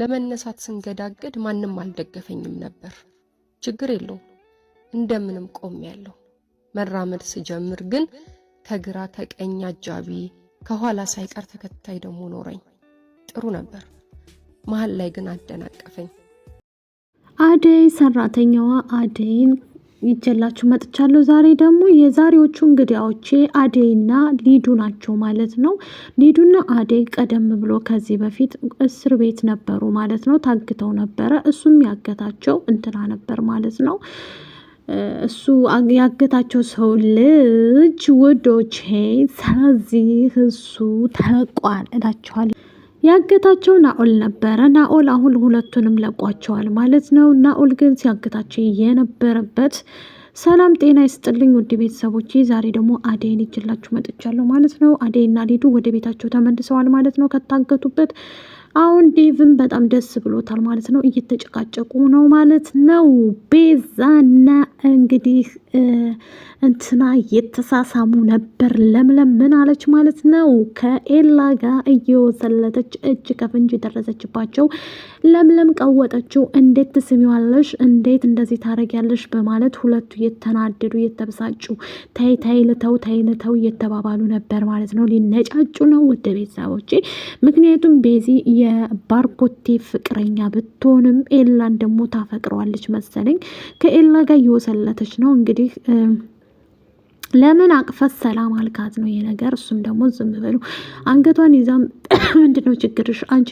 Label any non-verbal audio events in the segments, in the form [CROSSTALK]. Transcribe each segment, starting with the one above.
ለመነሳት ስንገዳገድ ማንም አልደገፈኝም ነበር። ችግር የለውም እንደምንም ቆም ያለው መራመድ ስጀምር ግን ከግራ ከቀኝ አጃቢ ከኋላ ሳይቀር ተከታይ ደግሞ ኖረኝ። ጥሩ ነበር። መሀል ላይ ግን አደናቀፈኝ። አደይ ሰራተኛዋ አደይን ይጀላችሁ መጥቻለሁ። ዛሬ ደግሞ የዛሬዎቹ እንግዳዎቼ አዴይና ሊዱ ናቸው ማለት ነው። ሊዱና አዴይ ቀደም ብሎ ከዚህ በፊት እስር ቤት ነበሩ ማለት ነው። ታግተው ነበረ። እሱም ያገታቸው እንትና ነበር ማለት ነው። እሱ ያገታቸው ሰው ልጅ ወዶቼ፣ ስለዚህ እሱ ተቋል እላችኋለሁ። ያገታቸው ናኦል ነበረ። ናኦል አሁን ሁለቱንም ለቋቸዋል ማለት ነው። ናኦል ግን ሲያገታቸው የነበረበት ሰላም ጤና ይስጥልኝ ውድ ቤተሰቦች፣ ዛሬ ደግሞ አደይን ይዤላችሁ መጥቻለሁ ማለት ነው። አደይና ሊዱ ወደ ቤታቸው ተመልሰዋል ማለት ነው ከታገቱበት አሁን ዴቭን በጣም ደስ ብሎታል ማለት ነው። እየተጨቃጨቁ ነው ማለት ነው። ቤዛና እንግዲህ እንትና እየተሳሳሙ ነበር። ለምለም ምን አለች ማለት ነው ከኤላ ጋር እየወሰለተች እጅ ከፍንጅ የደረሰችባቸው። ለምለም ቀወጠችው። እንዴት ትስሚዋለሽ? እንዴት እንደዚህ ታረጊያለሽ? በማለት ሁለቱ እየተናደዱ እየተበሳጩ ታይ ታይ ልተው ታይ ልተው እየተባባሉ ነበር ማለት ነው። ሊነጫጩ ነው ወደ ቤተሰቦቼ። ምክንያቱም ቤዚ የባርኮቴ ፍቅረኛ ብትሆንም ኤላን ደግሞ ታፈቅረዋለች መሰለኝ። ከኤላ ጋር እየወሰለተች ነው እንግዲህ ለምን አቅፈት ሰላም አልካት ነው ይሄ ነገር። እሱም ደግሞ ዝም በሉ አንገቷን ይዛም [CLEARS THROAT] ምንድነው ችግርሽ አንቺ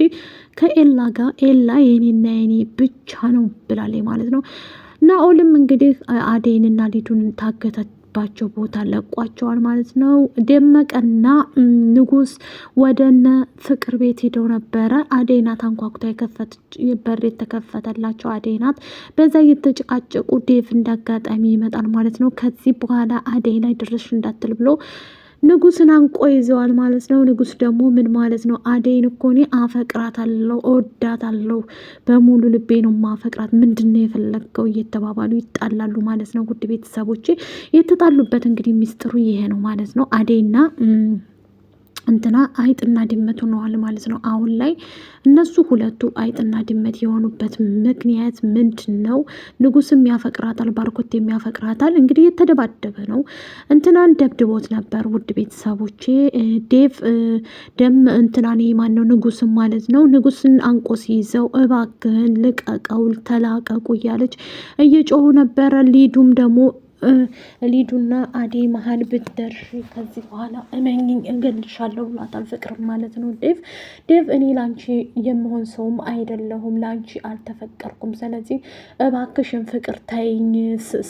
ከኤላ ጋር ኤላ የኔና የኔ ብቻ ነው ብላለች ማለት ነው። ናኦልም እንግዲህ አደይንና ሊዱን ታገተች ካለባቸው ቦታ ለቋቸዋል ማለት ነው። ደመቀና ንጉስ ወደነ ፍቅር ቤት ሄደው ነበረ። አዴናት አንኳኩታ የከፈት በር የተከፈተላቸው አዴናት በዛ እየተጨቃጨቁ ዴቭ እንዳጋጣሚ ይመጣል ማለት ነው። ከዚህ በኋላ አዴና ድርሽ እንዳትል ብሎ ንጉስን አንቆ ይዘዋል ማለት ነው። ንጉስ ደግሞ ምን ማለት ነው? አደይን እኮ እኔ አፈቅራታለሁ፣ እወዳታለሁ፣ በሙሉ ልቤ ነው ማፈቅራት፣ ምንድን ነው እየተባባሉ ይጣላሉ ማለት ነው። ውድ ቤተሰቦቼ የተጣሉበት እንግዲህ ሚስጥሩ ይሄ ነው ማለት ነው አደይና እንትና አይጥና ድመት ሆነዋል ማለት ነው። አሁን ላይ እነሱ ሁለቱ አይጥና ድመት የሆኑበት ምክንያት ምንድን ነው? ንጉስም ያፈቅራታል፣ ባርኮት የሚያፈቅራታል። እንግዲህ የተደባደበ ነው። እንትናን ደብድቦት ነበር። ውድ ቤተሰቦቼ ዴቭ ደም እንትናን የማን ነው? ንጉስም ማለት ነው። ንጉስን አንቆ ሲይዘው እባክህን ልቀቀው፣ ተላቀቁ እያለች እየጮሁ ነበረ። ሊዱም ደግሞ ሊዱና አዴ መሀል ብትደርሽ ከዚህ በኋላ እመኝኝ እገልሻለሁ ብሏታል። ፍቅር ማለት ነው ዴቭ ዴቭ እኔ ላንቺ የምሆን ሰውም አይደለሁም፣ ላንቺ አልተፈቀርኩም። ስለዚህ እባክሽን ፍቅር ተይኝ፣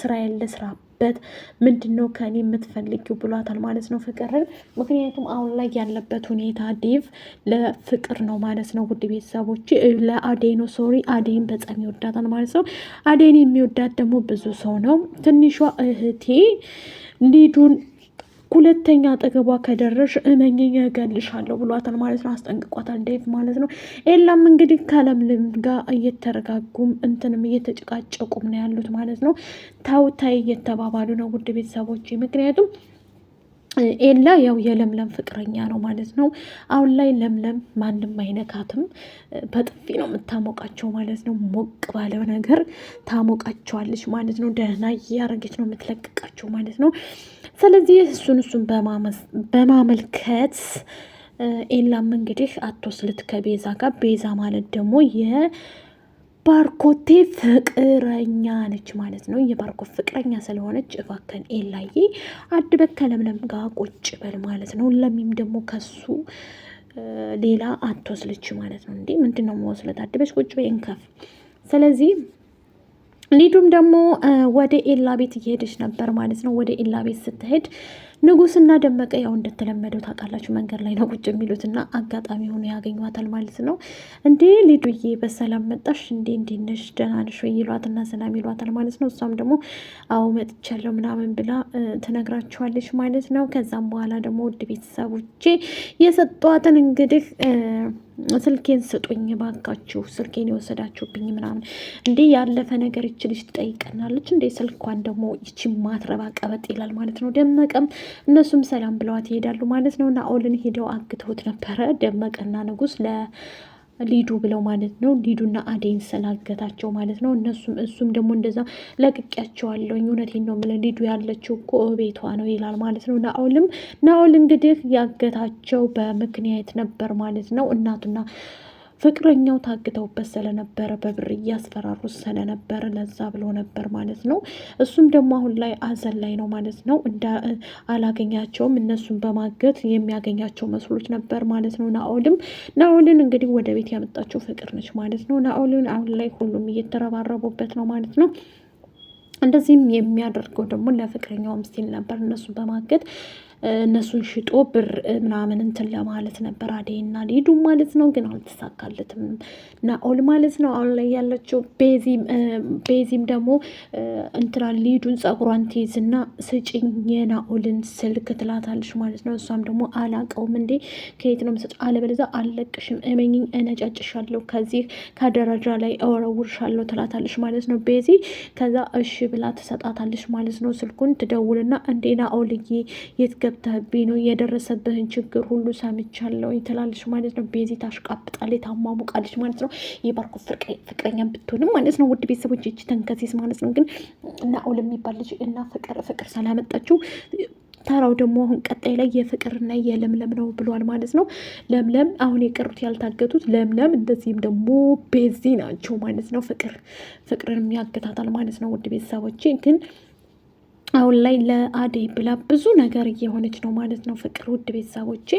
ስራ የለ ስራ ያለበት ምንድን ነው ከእኔ የምትፈልጊው ብሏታል ማለት ነው ፍቅርን። ምክንያቱም አሁን ላይ ያለበት ሁኔታ ዴቭ ለፍቅር ነው ማለት ነው ውድ ቤተሰቦች፣ ለአዴ ነው ሶሪ፣ አዴን በጣም ይወዳታል ማለት ነው። አዴን የሚወዳት ደግሞ ብዙ ሰው ነው። ትንሿ እህቴ ሊዱን ሁለተኛ አጠገቧ ከደረሽ እመኘኝ እገልሻለሁ ብሏታል ማለት ነው። አስጠንቅቋታል ዴቭ ማለት ነው። ኤላም እንግዲህ ከለምለም ጋር እየተረጋጉም እንትንም እየተጨቃጨቁም ነው ያሉት ማለት ነው። ታውታይ እየተባባሉ ነው ውድ ቤተሰቦች ምክንያቱም ኤላ ያው የለምለም ፍቅረኛ ነው ማለት ነው። አሁን ላይ ለምለም ማንም አይነካትም። በጥፊ ነው የምታሞቃቸው ማለት ነው። ሞቅ ባለው ነገር ታሞቃቸዋለች ማለት ነው። ደህና እያረገች ነው የምትለቅቃቸው ማለት ነው። ስለዚህ እሱን እሱን በማመልከት ኤላም እንግዲህ ስልት ከቤዛ ጋር ቤዛ ማለት ደግሞ የ ባርኮቴ ፍቅረኛ ነች ማለት ነው። የባርኮት ፍቅረኛ ስለሆነች እባከን ኤላዬ አድበክ ከለምለም ጋር ቁጭ በል ማለት ነው። ለሚም ደግሞ ከሱ ሌላ አትወስልች ማለት ነው። እንዴ ምንድን ነው መወስለት? አድበች ቁጭ በይ እንከፍ። ስለዚህ ሊዱም ደግሞ ወደ ኤላ ቤት እየሄደች ነበር ማለት ነው። ወደ ኤላ ቤት ስትሄድ ንጉስና ደመቀ ያው እንደተለመደው ታውቃላችሁ መንገድ ላይ ነው ቁጭ የሚሉትና አጋጣሚ ሆኖ ያገኟታል ማለት ነው። እንዴ ሊዱዬ በሰላም መጣሽ እንዴ እንዴት ነሽ ደህና ነሽ ወይ ይሏትና ሰላም ይሏታል ማለት ነው። እሷም ደግሞ አዎ መጥቻለሁ ምናምን ብላ ትነግራችኋለች ማለት ነው። ከዛም በኋላ ደግሞ ውድ ቤተሰቦቼ የሰጧትን እንግዲህ ስልኬን ስጡኝ ባካችሁ፣ ስልኬን የወሰዳችሁብኝ ምናምን እንዲህ ያለፈ ነገር ይችልሽ ትጠይቀናለች እንዴ ስልኳን ደግሞ ይቺ ማትረባ ቀበጥ ይላል ማለት ነው ደመቀም እነሱም ሰላም ብለዋት ይሄዳሉ ማለት ነው። ናኦልን ሄደው አግተውት ነበረ ደመቀና ንጉስ ለ ሊዱ ብለው ማለት ነው። ሊዱና አዴን ስላገታቸው ማለት ነው። እነሱም እሱም ደግሞ እንደዛ ለቅቄያቸዋለሁኝ እውነቴን ነው የምልህ ሊዱ ያለችው እኮ ቤቷ ነው ይላል ማለት ነው። ናኦልም ናኦል እንግዲህ ያገታቸው በምክንያት ነበር ማለት ነው እናቱና ፍቅረኛው ታግተውበት ስለነበረ በብር እያስፈራሩት ስለነበረ ለዛ ብሎ ነበር ማለት ነው። እሱም ደግሞ አሁን ላይ አዘን ላይ ነው ማለት ነው። እንደ አላገኛቸውም እነሱን በማገት የሚያገኛቸው መስሎት ነበር ማለት ነው። ናኦልም ናኦልን እንግዲህ ወደ ቤት ያመጣቸው ፍቅር ነች ማለት ነው። ናኦልን አሁን ላይ ሁሉም እየተረባረቡበት ነው ማለት ነው። እንደዚህም የሚያደርገው ደግሞ ለፍቅረኛው ሲል ነበር እነሱን በማገት እነሱን ሽጦ ብር ምናምን እንትን ለማለት ነበር አደይና ሊዱ ማለት ነው። ግን አልተሳካለትም። ናኦል ማለት ነው አሁን ላይ ያለችው። ቤዚም ደግሞ እንትና ሊዱን ጸጉሯን ትይዝና ስጭኝ የናኦልን ስልክ ትላታለች ማለት ነው። እሷም ደግሞ አላቀውም እንዴ ከየት ነው ምስጭ፣ አለበለዚያ አለቅሽም፣ እመኝኝ፣ እነጫጭሻለሁ፣ ከዚህ ከደረጃ ላይ እወረውርሻለሁ ትላታለች ማለት ነው ቤዚ። ከዛ እሺ ብላ ትሰጣታለች ማለት ነው። ስልኩን ትደውልና እንዴ ናኦልዬ የት ገ ገብተህብኝ ነው የደረሰብህን ችግር ሁሉ ሰምቻለሁ ትላለች ማለት ነው። ቤዚ ታሽቃብጣለች፣ ታሟሙቃለች ማለት ነው። የባርኮት ፍቅረኛ ብትሆንም ማለት ነው። ውድ ቤተሰቦች እች ተንከሴስ ማለት ነው። ግን እና አውል የሚባል ልጅ እና ፍቅር ፍቅር ስላመጣችው ተራው ደግሞ አሁን ቀጣይ ላይ የፍቅርና የለምለም ነው ብሏል ማለት ነው። ለምለም አሁን የቀሩት ያልታገቱት ለምለም፣ እንደዚህም ደግሞ ቤዚ ናቸው ማለት ነው። ፍቅር ፍቅርን ያገታታል ማለት ነው። ውድ ቤተሰቦቼ ግን አሁን ላይ ለአደይ ብላ ብዙ ነገር እየሆነች ነው ማለት ነው። ፍቅር ውድ ቤተሰቦቼ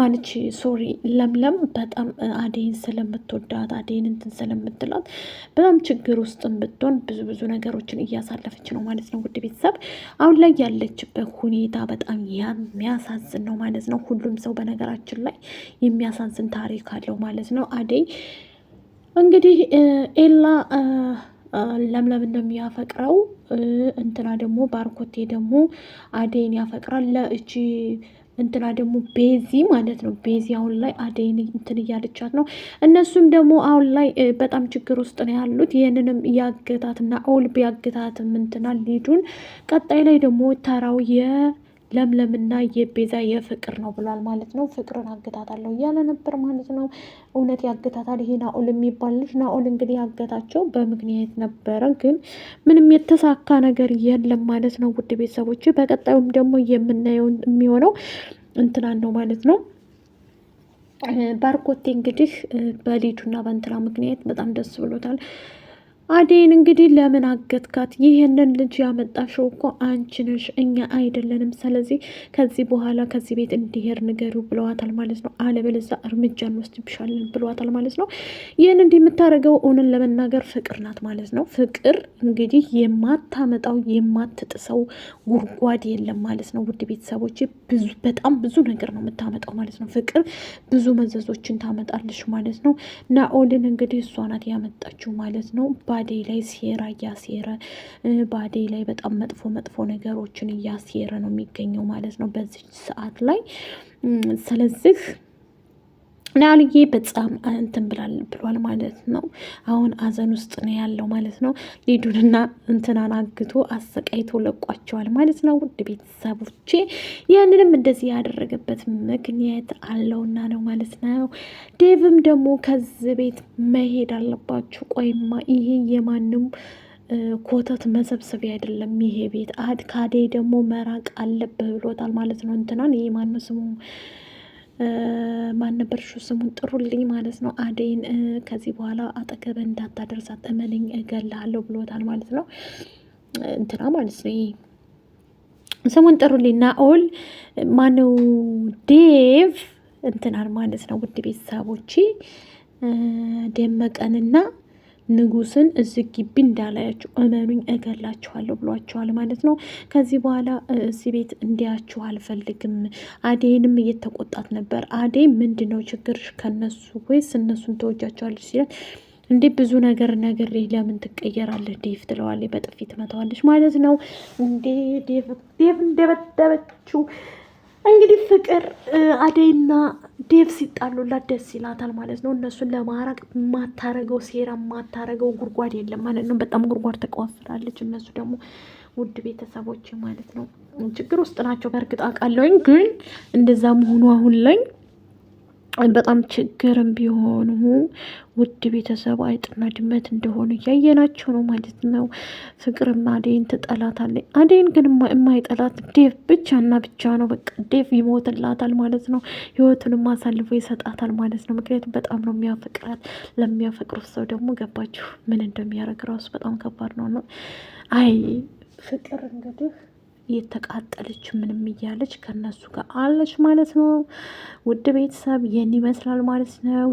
ማለች ሶሪ ለምለም በጣም አደይን ስለምትወዳት አደይን እንትን ስለምትላት በጣም ችግር ውስጥ ብትሆን ብዙ ብዙ ነገሮችን እያሳለፈች ነው ማለት ነው። ውድ ቤተሰብ አሁን ላይ ያለችበት ሁኔታ በጣም የሚያሳዝን ነው ማለት ነው። ሁሉም ሰው በነገራችን ላይ የሚያሳዝን ታሪክ አለው ማለት ነው። አደይ እንግዲህ ኤላ ለምለም እንደሚያፈቅረው እንትና ደግሞ ባርኮቴ ደግሞ አደይን ያፈቅራል። ለእቺ እንትና ደግሞ ቤዚ ማለት ነው። ቤዚ አሁን ላይ አደይን እንትን እያለቻት ነው። እነሱም ደግሞ አሁን ላይ በጣም ችግር ውስጥ ነው ያሉት። ይህንንም ያገታትና ኦልብ ቢያገታትም እንትና ሊዱን ቀጣይ ላይ ደግሞ ተራው ለምለምና የቤዛ የፍቅር ነው ብሏል ማለት ነው። ፍቅርን አገታታለሁ እያለ ነበር ማለት ነው። እውነት ያግታታል ይሄ ናኦል የሚባል ልጅ። ናኦል እንግዲህ ያገታቸው በምክንያት ነበረ፣ ግን ምንም የተሳካ ነገር የለም ማለት ነው። ውድ ቤተሰቦች፣ በቀጣዩም ደግሞ የምናየው የሚሆነው እንትናን ነው ማለት ነው። ባርኮቴ እንግዲህ በልጁና በእንትና ምክንያት በጣም ደስ ብሎታል። አዴን እንግዲህ ለምን አገትካት? ይህንን ልጅ ያመጣሽው እኮ አንቺ ነሽ፣ እኛ አይደለንም። ስለዚህ ከዚህ በኋላ ከዚህ ቤት እንዲሄድ ንገሪው ብለዋታል ማለት ነው። አለበለዚያ እርምጃ እንወስድብሻለን ብለዋታል ማለት ነው። ይህን እንዲህ የምታደርገው እውነት ለመናገር ፍቅር ናት ማለት ነው። ፍቅር እንግዲህ የማታመጣው የማትጥሰው ጉድጓድ የለም ማለት ነው። ውድ ቤተሰቦች ብዙ በጣም ብዙ ነገር ነው የምታመጣው ማለት ነው። ፍቅር ብዙ መዘዞችን ታመጣለች ማለት ነው። ናኦልን እንግዲህ እሷ ናት ያመጣችው ማለት ነው። ባዴ ላይ ሴራ እያሴረ ባዴ ላይ በጣም መጥፎ መጥፎ ነገሮችን እያሴረ ነው የሚገኘው ማለት ነው በዚህ ሰዓት ላይ ስለዚህ ናሉዬ በጣም እንትን ብሏል ማለት ነው። አሁን አዘን ውስጥ ነው ያለው ማለት ነው። ሊዱንና እንትናን አግቶ አሰቃይቶ ለቋቸዋል ማለት ነው። ውድ ቤተሰቦቼ ይህንንም እንደዚህ ያደረገበት ምክንያት አለውና ነው ማለት ነው። ዴቭም ደግሞ ከዚህ ቤት መሄድ አለባችሁ። ቆይማ ይሄ የማንም ኮተት መሰብሰቢያ አይደለም ይሄ ቤት። አድካዴ ደግሞ መራቅ አለብህ ብሎታል ማለት ነው። እንትናን ይሄ ማነው ስሙ ማን ነበር ስሙን ጥሩልኝ ማለት ነው። አደይን ከዚህ በኋላ አጠገበ እንዳታደርሳት እመነኝ እገልሃለሁ ብሎታል ማለት ነው። እንትና ማለት ነው ስሙን ጥሩልኝ ኦል ማነው ዴቭ እንትናል ማለት ነው። ውድ ቤተሰቦቼ ደመቀንና ንጉስን እዚህ ግቢ እንዳላያችሁ እመኑኝ እገላችኋለሁ ብሏቸዋል ማለት ነው። ከዚህ በኋላ እዚህ ቤት እንዲያችሁ አልፈልግም። አዴንም እየተቆጣት ነበር። አዴ ምንድን ነው ችግርሽ ከነሱ ወይስ እነሱን ተወጃቸዋለች ሲላል እንዴ ብዙ ነገር ነገር ለምን ትቀየራለህ? ዴቭ ትለዋለች። በጥፊት መተዋለች ማለት ነው። እንዴ ዴቭ እንደበደበችው እንግዲህ ፍቅር አደይና ዴቭ ሲጣሉላት ደስ ይላታል ማለት ነው። እነሱን ለማራቅ የማታረገው ሴራ የማታረገው ጉድጓድ የለም ማለት ነው። በጣም ጉድጓድ ተቆፍራለች። እነሱ ደግሞ ውድ ቤተሰቦች ማለት ነው ችግር ውስጥ ናቸው። በእርግጥ አውቃለሁኝ፣ ግን እንደዛ መሆኑ አሁን ላይ በጣም ችግርም ቢሆኑ ውድ ቤተሰብ አይጥና ድመት እንደሆኑ እያየናቸው ነው ማለት ነው። ፍቅርም አዴን ትጠላታለች። አዴን ግን የማይጠላት ዴቭ ብቻና ብቻ ነው። በቃ ዴቭ ይሞትላታል ማለት ነው። ህይወቱንም አሳልፎ ይሰጣታል ማለት ነው። ምክንያቱም በጣም ነው የሚያፈቅራት። ለሚያፈቅሩት ሰው ደግሞ ገባችሁ ምን እንደሚያደርግ ራሱ በጣም ከባድ ነው። አይ ፍቅር እንግዲህ እየተቃጠለች ምንም እያለች ከነሱ ጋር አለች ማለት ነው። ውድ ቤተሰብ ይህን ይመስላል ማለት ነው።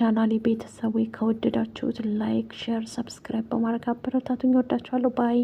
ቻናል ቤተሰብ ወይ ከወደዳችሁት ላይክ፣ ሼር፣ ሰብስክራይብ በማድረግ አበረታቱኝ። ወዳችኋለሁ ባይ